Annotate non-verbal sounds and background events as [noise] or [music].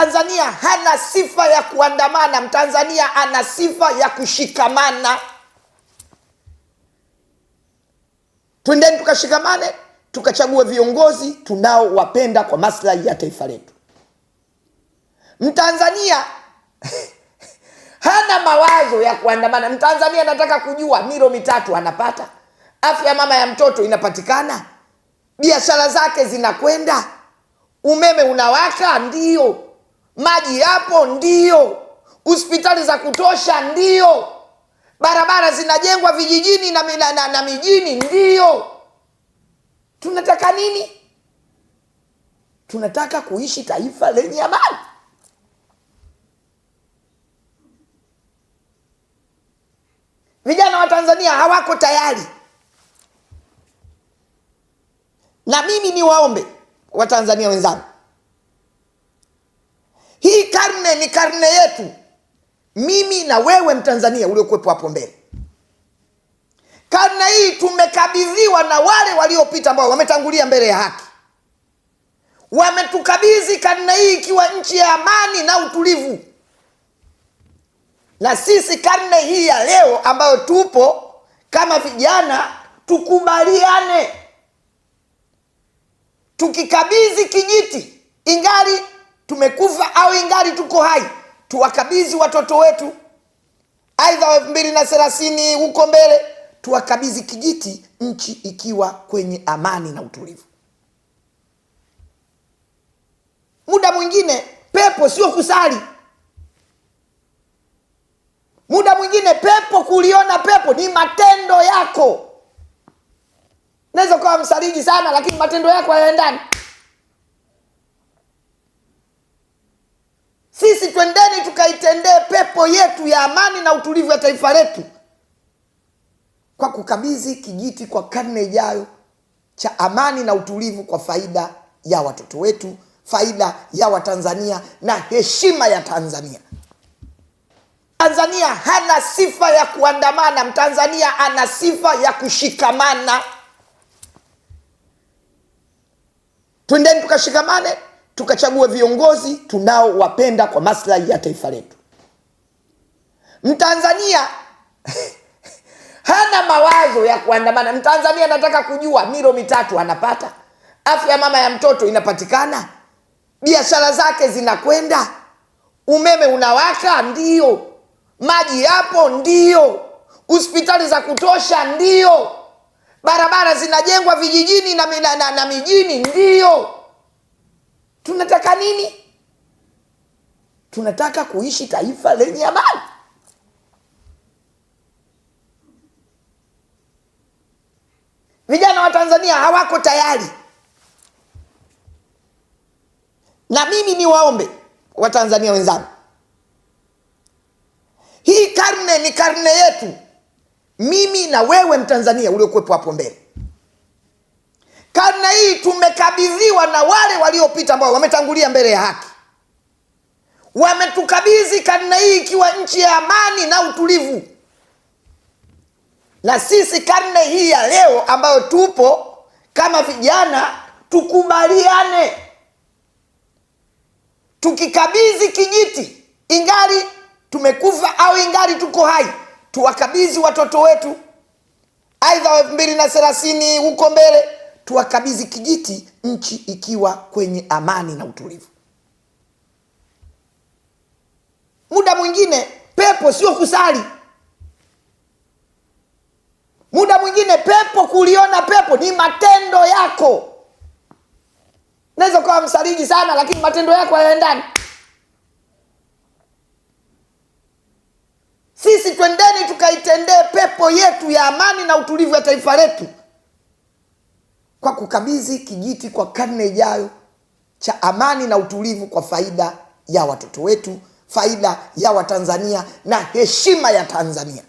Tanzania hana sifa ya kuandamana. Mtanzania ana sifa ya kushikamana. Twendeni tukashikamane, tukachague viongozi tunaowapenda kwa maslahi ya taifa letu. Mtanzania [laughs] hana mawazo ya kuandamana. Mtanzania anataka kujua milo mitatu anapata, afya mama ya mtoto inapatikana, biashara zake zinakwenda, umeme unawaka, ndio maji yapo, ndio Hospitali za kutosha, ndio Barabara zinajengwa vijijini na, na, na, na mijini, ndio Tunataka nini? Tunataka kuishi taifa lenye amani. Vijana wa Tanzania hawako tayari, na mimi niwaombe Watanzania wenzangu ni karne yetu, mimi na wewe Mtanzania uliokuwepo hapo mbele. Karne hii tumekabidhiwa na wale waliopita, ambao wametangulia mbele ya haki, wametukabidhi karne hii ikiwa nchi ya amani na utulivu, na sisi karne hii ya leo ambayo tupo kama vijana, tukubaliane tukikabidhi kijiti ingali tumekufa au ingali tuko hai, tuwakabizi watoto wetu aidha elfu mbili na thelathini huko mbele, tuwakabizi kijiti nchi ikiwa kwenye amani na utulivu. Muda mwingine pepo sio kusali, muda mwingine pepo kuliona pepo ni matendo yako. Naweza ukawa msaliji sana, lakini matendo yako hayaendani Sisi twendeni tukaitendee pepo yetu ya amani na utulivu ya taifa letu kwa kukabidhi kijiti kwa karne ijayo cha amani na utulivu kwa faida ya watoto wetu, faida ya Watanzania na heshima ya Tanzania. Tanzania hana sifa ya kuandamana, Mtanzania ana sifa ya kushikamana. Twendeni tukashikamane tukachagua viongozi tunaowapenda kwa maslahi ya taifa letu. Mtanzania [laughs] hana mawazo ya kuandamana. Mtanzania anataka kujua milo mitatu anapata, afya mama ya mtoto inapatikana, biashara zake zinakwenda, umeme unawaka, ndio, maji yapo, ndio, hospitali za kutosha, ndio, barabara zinajengwa vijijini na, na, na, na mijini, ndio Tunataka nini? Tunataka kuishi taifa lenye amani. Vijana wa Tanzania hawako tayari, na mimi ni waombe Watanzania wenzangu, hii karne ni karne yetu, mimi na wewe Mtanzania uliokuwepo hapo mbele. Karne hii tumekabidhiwa na wale waliopita ambao wametangulia mbele ya haki, wametukabidhi karne hii ikiwa nchi ya amani na utulivu. Na sisi karne hii ya leo ambayo tupo kama vijana, tukubaliane, tukikabidhi kijiti, ingali tumekufa au ingali tuko hai, tuwakabidhi watoto wetu aidha elfu mbili na thelathini huko mbele tuwakabidhi kijiti nchi ikiwa kwenye amani na utulivu. Muda mwingine pepo sio kusali, muda mwingine pepo kuliona pepo ni matendo yako. Naweza ukawa msaliji sana, lakini matendo yako hayaendani. Sisi twendeni tukaitendee pepo yetu ya amani na utulivu ya taifa letu kwa kukabidhi kijiti kwa karne ijayo cha amani na utulivu kwa faida ya watoto wetu, faida ya Watanzania na heshima ya Tanzania.